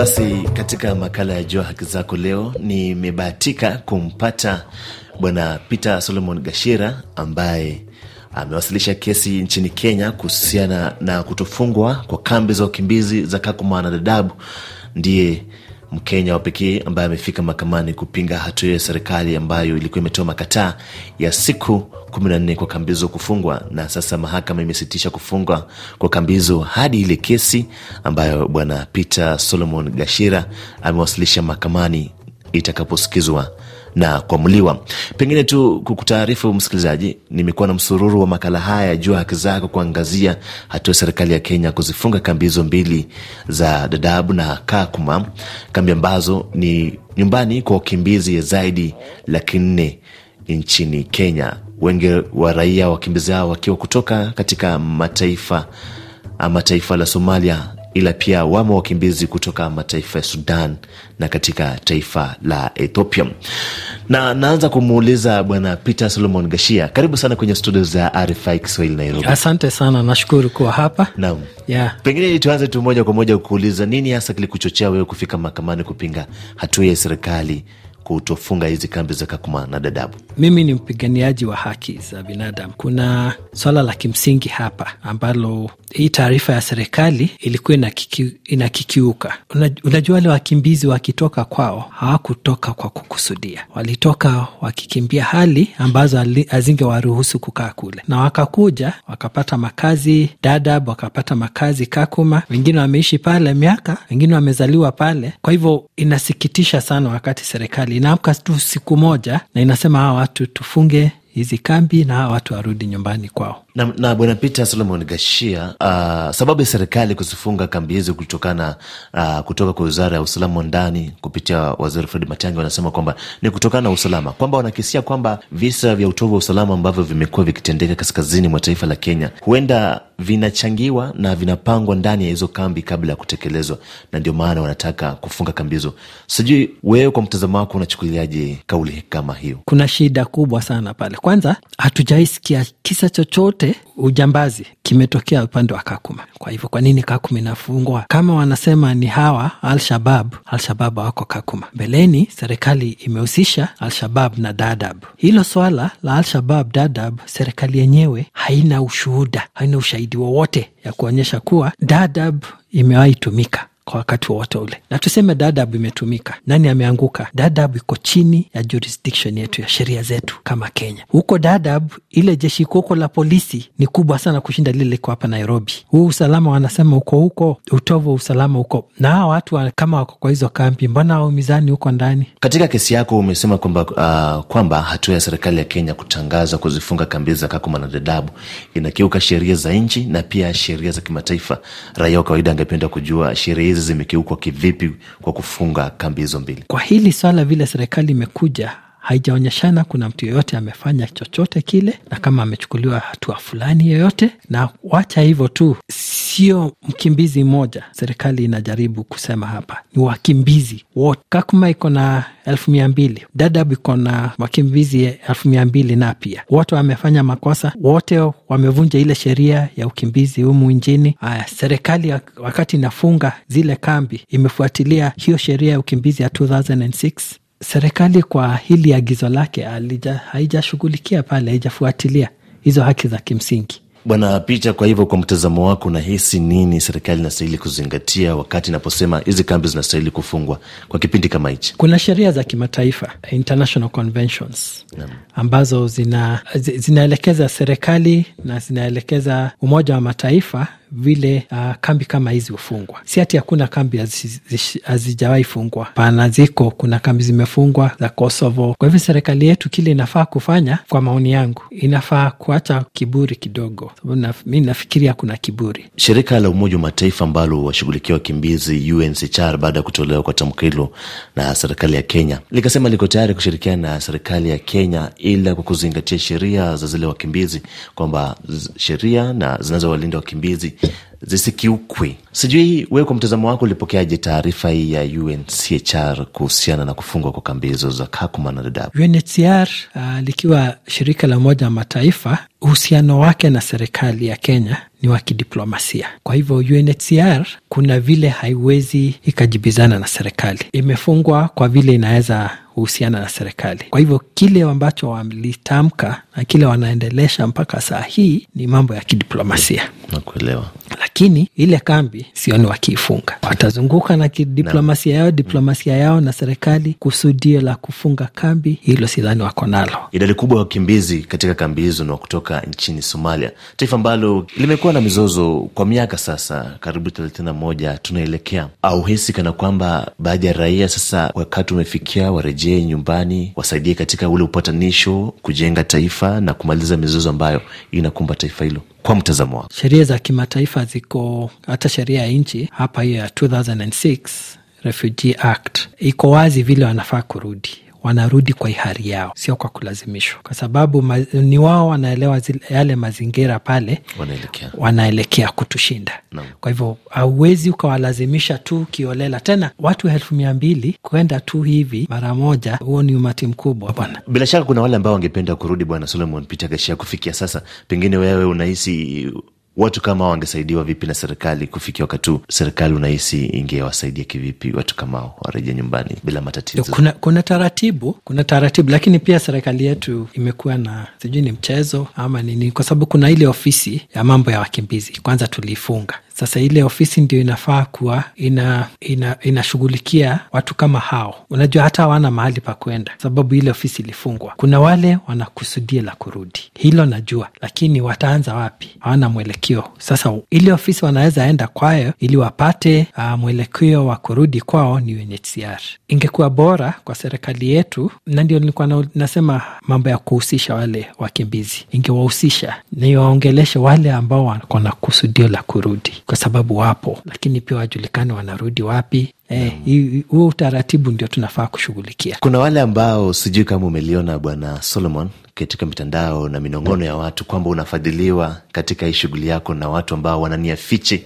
Basi katika makala ya Jua Haki Zako leo nimebahatika kumpata Bwana Peter Solomon Gashira ambaye amewasilisha kesi nchini Kenya kuhusiana na kutofungwa kwa kambi za wakimbizi za Kakuma na Ndiye Mkenya wa pekee ambaye amefika mahakamani kupinga hatua hiyo ya serikali ambayo ilikuwa imetoa makataa ya siku 14 kwa Kambizo kufungwa, na sasa mahakama imesitisha kufungwa kwa Kambizo hadi ile kesi ambayo bwana Peter Solomon Gashira amewasilisha mahakamani itakaposikizwa na kuamuliwa. Pengine tu kukutaarifu msikilizaji, nimekuwa na msururu wa makala haya ya Jua Haki Zako, kuangazia hatua serikali ya Kenya kuzifunga kambi hizo mbili za dadabu na Kakuma, kambi ambazo ni nyumbani kwa wakimbizi zaidi laki nne nchini Kenya, wengi wa raia wakimbizi hao wakiwa kutoka katika mataifa ama taifa la Somalia ila pia wamo wakimbizi kutoka mataifa ya Sudan na katika taifa la Ethiopia. Na naanza kumuuliza Bwana Peter Solomon Gashia, karibu sana kwenye studio za RFI Kiswahili Nairobi. Asante sana, nashukuru kuwa hapa. Naam, yeah. Pengine tuanze tu moja kwa moja kuuliza, nini hasa kilikuchochea wewe kufika mahakamani kupinga hatua ya serikali kutofunga hizi kambi za Kakuma na Dadabu. Mimi ni mpiganiaji wa haki za binadamu. Kuna swala la kimsingi hapa ambalo hii taarifa ya serikali ilikuwa inakiki, inakikiuka. Unajua, wale wakimbizi wakitoka kwao hawakutoka kwa kukusudia, walitoka wakikimbia hali ambazo hazingewaruhusu kukaa kule, na wakakuja wakapata makazi Dadab, wakapata makazi Kakuma, wengine wameishi pale miaka, wengine wamezaliwa pale. Kwa hivyo inasikitisha sana wakati serikali inaamka tu siku moja na inasema hawa watu tufunge hizi kambi na hawa watu warudi nyumbani kwao na, na Bwana Peter Solomon Gashia, uh, sababu ya serikali kuzifunga kambi hizi kutokana uh, kutoka kwa wizara ya usalama wa ndani kupitia waziri Fred Matiang'i, wanasema kwamba ni kutokana na usalama, kwamba wanakisia kwamba visa vya utovu wa usalama ambavyo vimekuwa vikitendeka kaskazini mwa taifa la Kenya huenda vinachangiwa na vinapangwa ndani ya hizo kambi kabla ya kutekelezwa, na ndio maana wanataka kufunga kambi hizo. Sijui wewe kwa mtazamo wako unachukuliaje kauli kama hiyo? Kuna shida kubwa sana pale. Kwanza hatujaisikia kisa chochote ujambazi kimetokea upande wa Kakuma. Kwa hivyo kwa nini Kakuma inafungwa? Kama wanasema ni hawa alshabab shabab Al-Shabab hawako Kakuma. Mbeleni serikali imehusisha Al-Shabab na Dadab. Hilo swala la Al-Shabab Dadab, serikali yenyewe haina ushuhuda, haina ushahidi wowote ya kuonyesha kuwa Dadab imewahi tumika kwa wakati wowote wa ule, na tuseme Dadaab imetumika, nani ameanguka? Dadaab iko chini ya jurisdiction yetu ya sheria zetu kama Kenya. Huko Dadaab ile jeshi koko la polisi ni kubwa sana kushinda lile liko hapa Nairobi. Huu usalama wanasema uko huko, utovu wa usalama huko, na hawa watu kama wako kwa hizo kambi, mbona waumizani huko ndani? Katika kesi yako umesema kwamba uh, kwamba hatua ya serikali ya Kenya kutangaza kuzifunga kambi za Kakuma na Dadaab inakiuka sheria za nchi na pia sheria za kimataifa. Raia wa kawaida angependa kujua sheria zimekiukwa kivipi kwa kufunga kambi hizo mbili. Kwa hili swala vile serikali imekuja haijaonyeshana kuna mtu yoyote amefanya chochote kile na kama amechukuliwa hatua fulani yoyote, na wacha hivyo tu, sio mkimbizi mmoja serikali inajaribu kusema hapa, ni wakimbizi wote. Kakuma iko na elfu mia mbili Dadaab iko na wakimbizi elfu mia mbili na pia wote wamefanya makosa, wote wamevunja ile sheria ya ukimbizi humu nchini. Aya, serikali wakati inafunga zile kambi imefuatilia hiyo sheria ya ukimbizi ya serikali kwa hili agizo lake haijashughulikia pale, haijafuatilia hizo haki za kimsingi. Bwana Picha, kwa hivyo, kwa mtazamo wako, unahisi nini serikali inastahili kuzingatia wakati inaposema hizi kambi zinastahili kufungwa kwa kipindi kama hichi? Kuna sheria za kimataifa, international conventions, ambazo zina, zinaelekeza serikali na zinaelekeza Umoja wa Mataifa vile uh, kambi kama hizi hufungwa. Si ati hakuna kambi hazijawahi fungwa, pana ziko, kuna kambi zimefungwa za Kosovo. Kwa hivyo serikali yetu kile inafaa kufanya, kwa maoni yangu, inafaa kuacha kiburi kidogo, sababu mi nafikiria kuna kiburi. Shirika la Umoja wa Mataifa ambalo washughulikia wakimbizi UNHCR baada ya kutolewa kwa tamko hilo na serikali ya Kenya likasema liko tayari kushirikiana na serikali ya Kenya ila kwa kuzingatia sheria za zile wakimbizi, kwamba sheria na zinazowalinda wakimbizi zisikiukwi. Sijui wewe kwa mtazamo wako ulipokeaje taarifa hii ya UNHCR kuhusiana na kufungwa kwa kambi hizo za Kakuma na Dadaab? UNHCR uh, ah, likiwa shirika la Umoja wa Mataifa uhusiano wake na serikali ya Kenya ni wa kidiplomasia. Kwa hivyo UNHCR kuna vile haiwezi ikajibizana na serikali, imefungwa kwa vile inaweza uhusiana na serikali. Kwa hivyo kile ambacho walitamka na kile wanaendelesha mpaka saa hii ni mambo ya kidiplomasia. Nakuelewa, lakini ile kambi sioni wakiifunga. Watazunguka na kidiplomasia yao, diplomasia yao na serikali. Kusudio la kufunga kambi hilo sidhani wako nalo. Idadi kubwa ya wakimbizi katika kambi hizo ni wa kutoka kutoka nchini Somalia, taifa ambalo limekuwa na mizozo kwa miaka sasa karibu thelathini na moja tunaelekea. hisi kana kwamba baadhi ya raia sasa wakati umefikia warejee nyumbani, wasaidie katika ule upatanisho, kujenga taifa na kumaliza mizozo ambayo inakumba taifa hilo? Kwa mtazamo wako, sheria za kimataifa ziko, hata sheria ya nchi hapa hiyo ya 2006 Refugee Act iko wazi vile wanafaa kurudi wanarudi kwa hiari yao, sio kwa kulazimishwa, kwa sababu ma, ni wao wanaelewa zile, yale mazingira pale wanaelekea, wanaelekea kutushinda no. Kwa hivyo hauwezi ukawalazimisha tu kiolela. Tena watu elfu mia mbili kwenda tu hivi mara moja, huo ni umati mkubwa bwana. Bila shaka kuna wale ambao wangependa kurudi, Bwana Solomon Peter Gashia, kufikia sasa, pengine wewe unahisi watu kama hao wangesaidiwa vipi na serikali kufikia wakati huu? Serikali unahisi ingewasaidia kivipi watu kama hao warejea nyumbani bila matatizo? Kuna, kuna taratibu, kuna taratibu, lakini pia serikali yetu imekuwa na sijui ni mchezo ama nini, kwa sababu kuna ile ofisi ya mambo ya wakimbizi kwanza tuliifunga sasa ile ofisi ndio inafaa kuwa inashughulikia ina, ina watu kama hao. Unajua hata hawana mahali pa kwenda, sababu ile ofisi ilifungwa. Kuna wale wanakusudia la kurudi, hilo najua, lakini wataanza wapi? Hawana mwelekeo. Sasa ile ofisi wanaweza enda kwayo ili wapate uh, mwelekeo wa kurudi kwao ni UNHCR. Ingekuwa bora kwa serikali yetu, na ndio nilikuwa nasema mambo ya kuhusisha wale wakimbizi, ingewahusisha niwaongeleshe wale ambao wana kusudio la kurudi kwa sababu wapo, lakini pia wajulikane wanarudi wapi. Eh, huo eh, utaratibu ndio tunafaa kushughulikia. Kuna wale ambao sijui kama umeliona Bwana Solomon katika mitandao na minongono ya watu kwamba unafadhiliwa katika hii shughuli yako na watu ambao wanania fichi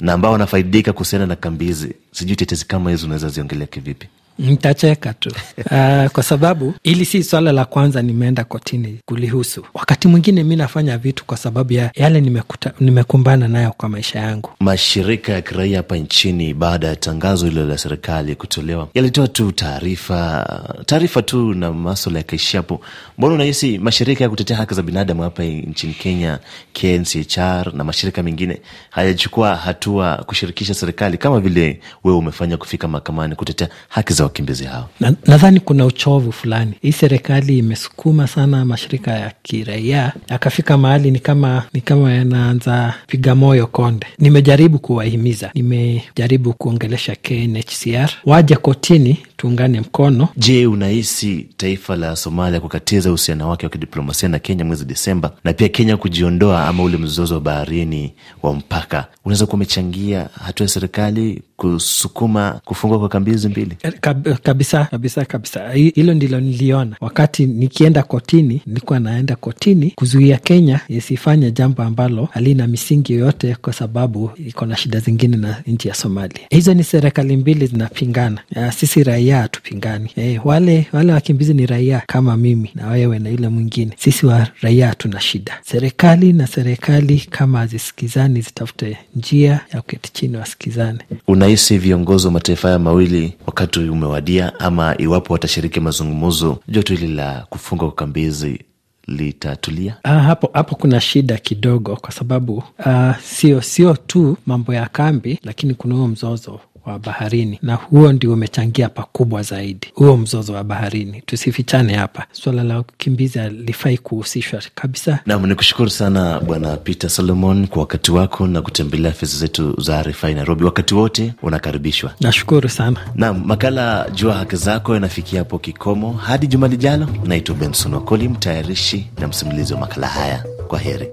na ambao wanafaidika kuhusiana na kambizi Sijui tetezi kama hizi unaweza ziongelea kivipi? Mtacheka tu uh, kwa sababu hili si swala la kwanza nimeenda kotini kulihusu. Wakati mwingine mi nafanya vitu kwa sababu ya yale nimekuta, nimekumbana nayo kwa maisha yangu. Mashirika ya kiraia hapa nchini baada ya tangazo hilo la serikali kutolewa yalitoa tu taarifa taarifa tu na maswala yakaishia hapo. Mbona unahisi mashirika ya kutetea haki za binadamu hapa nchini Kenya, KNCHR na mashirika mengine hayachukua hatua kushirikisha serikali kama vile wewe umefanya kufika mahakamani kutetea haki za wakimbizi hao? Nadhani na kuna uchovu fulani. Hii serikali imesukuma sana mashirika ya kiraia yakafika mahali ni kama ni kama yanaanza piga moyo konde. Nimejaribu kuwahimiza, nimejaribu kuongelesha KNHCR waje kotini tuungane mkono. Je, unahisi taifa la Somalia kukatiza uhusiano wake wa kidiplomasia na Kenya mwezi Desemba na pia Kenya kujiondoa ama ule mzozo wa baharini wa mpaka unaweza kuwa umechangia hatua ya serikali kusukuma kufungwa kwa kambi hizi mbili? Eh, kab, kabisa kabisa kabisa, hilo ndilo niliona wakati nikienda kotini. Nilikuwa naenda kotini kuzuia Kenya isifanye jambo ambalo halina misingi yoyote, kwa sababu iko na shida zingine na nchi ya Somalia. Hizo ni serikali mbili zinapingana. Sisi raia raia, hatupingani. E, wale wale wakimbizi ni raia kama mimi na wewe na yule mwingine. Sisi wa raia hatuna shida. Serikali na serikali kama hazisikizani, zitafute njia ya kuketi chini wasikizane. Unahisi viongozi wa mataifa haya mawili wakati umewadia, ama iwapo watashiriki mazungumzo, joto hili la kufunga ukimbizi litatulia? Ah, hapo hapo kuna shida kidogo, kwa sababu ah, sio sio tu mambo ya kambi, lakini kuna huo mzozo wa baharini, na huo ndio umechangia pakubwa zaidi huo mzozo wa baharini. Tusifichane hapa, swala la ukimbizi alifai kuhusishwa kabisa. Nam, ni kushukuru sana Bwana Peter Solomon kwa wakati wako na kutembelea afisi zetu za RFI Nairobi. Wakati wote unakaribishwa. Nashukuru sana. Nam, makala Jua Haki Zako yanafikia hapo kikomo. Hadi juma lijalo, naitwa Benson Wakoli, mtayarishi na msimulizi wa makala haya. Kwa heri.